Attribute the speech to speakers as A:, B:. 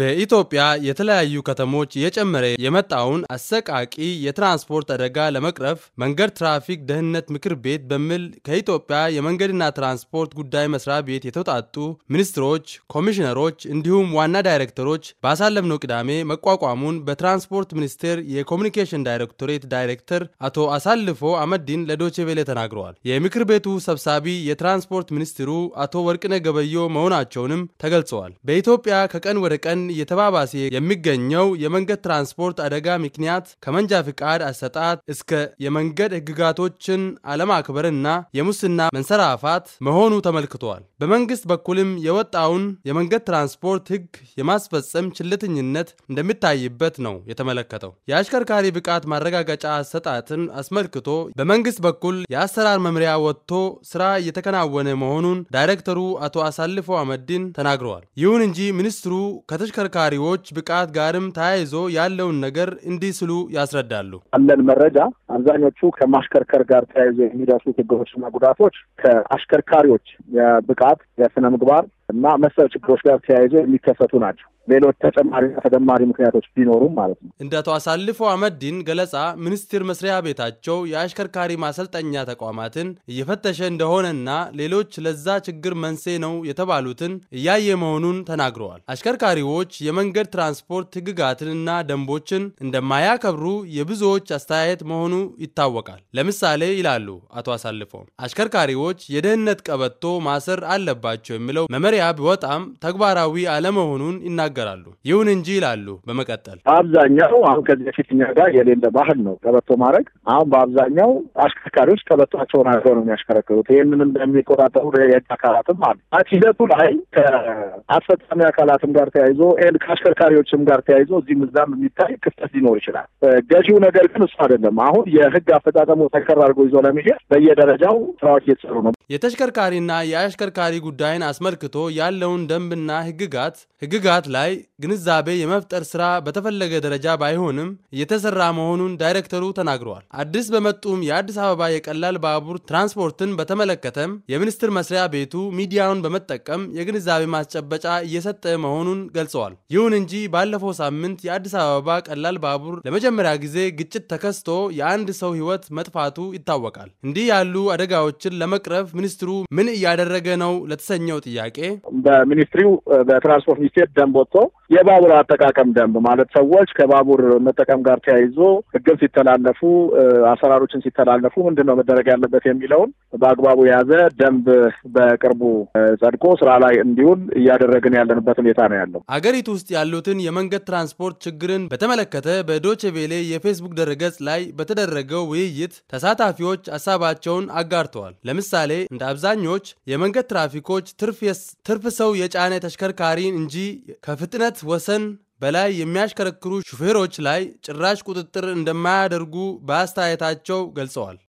A: በኢትዮጵያ የተለያዩ ከተሞች እየጨመረ የመጣውን አሰቃቂ የትራንስፖርት አደጋ ለመቅረፍ መንገድ ትራፊክ ደህንነት ምክር ቤት በሚል ከኢትዮጵያ የመንገድና ትራንስፖርት ጉዳይ መስሪያ ቤት የተውጣጡ ሚኒስትሮች፣ ኮሚሽነሮች እንዲሁም ዋና ዳይሬክተሮች ባሳለፍነው ቅዳሜ መቋቋሙን በትራንስፖርት ሚኒስቴር የኮሚኒኬሽን ዳይሬክቶሬት ዳይሬክተር አቶ አሳልፎ አመዲን ለዶቼቬሌ ተናግረዋል። የምክር ቤቱ ሰብሳቢ የትራንስፖርት ሚኒስትሩ አቶ ወርቅነህ ገበዮ መሆናቸውንም ተገልጸዋል። በኢትዮጵያ ከቀን ወደ ቀን እየተባባሰ የሚገኘው የመንገድ ትራንስፖርት አደጋ ምክንያት ከመንጃ ፍቃድ አሰጣት እስከ የመንገድ ሕግጋቶችን አለማክበርና የሙስና መንሰራፋት መሆኑ ተመልክቷል። በመንግስት በኩልም የወጣውን የመንገድ ትራንስፖርት ሕግ የማስፈጸም ችልተኝነት እንደሚታይበት ነው የተመለከተው። የአሽከርካሪ ብቃት ማረጋገጫ አሰጣትን አስመልክቶ በመንግስት በኩል የአሰራር መምሪያ ወጥቶ ስራ እየተከናወነ መሆኑን ዳይሬክተሩ አቶ አሳልፎ አመዲን ተናግረዋል። ይሁን እንጂ ሚኒስትሩ ከተሽከ ተሽከርካሪዎች ብቃት ጋርም ተያይዞ ያለውን ነገር እንዲህ ስሉ ያስረዳሉ።
B: አለን መረጃ አብዛኞቹ ከማሽከርከር ጋር ተያይዞ የሚደርሱ ችግሮችና ጉዳቶች ከአሽከርካሪዎች የብቃት የስነ ምግባር እና መሰል ችግሮች ጋር ተያይዞ የሚከሰቱ ናቸው። ሌሎች ተጨማሪ ተደማሪ ምክንያቶች ቢኖሩም ማለት ነው።
A: እንደ አቶ አሳልፎ አህመዲን ገለጻ ሚኒስቴር መስሪያ ቤታቸው የአሽከርካሪ ማሰልጠኛ ተቋማትን እየፈተሸ እንደሆነና ሌሎች ለዛ ችግር መንስኤ ነው የተባሉትን እያየ መሆኑን ተናግረዋል። አሽከርካሪዎች የመንገድ ትራንስፖርት ሕግጋትንና ደንቦችን እንደማያከብሩ የብዙዎች አስተያየት መሆኑ ይታወቃል። ለምሳሌ ይላሉ አቶ አሳልፎ አሽከርካሪዎች የደህንነት ቀበቶ ማሰር አለባቸው የሚለው መመሪያ መመሪያ ቢወጣም ተግባራዊ አለመሆኑን ይናገራሉ። ይሁን እንጂ ይላሉ በመቀጠል
B: በአብዛኛው አሁን ከዚህ በፊት እኛ ጋር የሌለ ባህል ነው ቀበቶ ማድረግ። አሁን በአብዛኛው አሽከርካሪዎች ቀበቷቸውን አድርገው ነው የሚያሽከረክሩት። ይህንን እንደሚቆጣጠሩ የህግ አካላትም አሉ። ሂደቱ ላይ ከአስፈጻሚ አካላትም ጋር ተያይዞ ከአሽከርካሪዎችም ጋር ተያይዞ እዚህም እዛም የሚታይ ክፍተት ሊኖር ይችላል። ገዢው ነገር ግን እሱ አይደለም። አሁን የህግ አፈጻጸሙ ተከር አድርጎ ይዞ ለመሄድ በየደረጃው ስራዎች እየተሰሩ ነው።
A: የተሽከርካሪና የአሽከርካሪ ጉዳይን አስመልክቶ ያለውን ደንብና ህግጋት ህግጋት ላይ ግንዛቤ የመፍጠር ስራ በተፈለገ ደረጃ ባይሆንም እየተሰራ መሆኑን ዳይሬክተሩ ተናግረዋል። አዲስ በመጡም የአዲስ አበባ የቀላል ባቡር ትራንስፖርትን በተመለከተም የሚኒስቴር መስሪያ ቤቱ ሚዲያውን በመጠቀም የግንዛቤ ማስጨበጫ እየሰጠ መሆኑን ገልጸዋል። ይሁን እንጂ ባለፈው ሳምንት የአዲስ አበባ ቀላል ባቡር ለመጀመሪያ ጊዜ ግጭት ተከስቶ የአንድ ሰው ህይወት መጥፋቱ ይታወቃል። እንዲህ ያሉ አደጋዎችን ለመቅረፍ ሚኒስትሩ ምን እያደረገ ነው ለተሰኘው ጥያቄ
B: በሚኒስትሪው በትራንስፖርት ሚኒስቴር ደንብ ወጥቶ የባቡር አጠቃቀም ደንብ ማለት ሰዎች ከባቡር መጠቀም ጋር ተያይዞ ህግን ሲተላለፉ አሰራሮችን ሲተላለፉ ምንድን ነው መደረግ ያለበት የሚለውን በአግባቡ የያዘ ደንብ በቅርቡ ጸድቆ ስራ ላይ እንዲውል እያደረግን ያለንበት ሁኔታ ነው ያለው።
A: አገሪቱ ውስጥ ያሉትን የመንገድ ትራንስፖርት ችግርን በተመለከተ በዶቼ ቬሌ የፌስቡክ ድረገጽ ላይ በተደረገው ውይይት ተሳታፊዎች ሀሳባቸውን አጋርተዋል። ለምሳሌ እንደ አብዛኞች የመንገድ ትራፊኮች ትርፍ ትርፍ ሰው የጫነ ተሽከርካሪን እንጂ ከፍጥነት ወሰን በላይ የሚያሽከረክሩ ሹፌሮች ላይ ጭራሽ ቁጥጥር እንደማያደርጉ በአስተያየታቸው ገልጸዋል።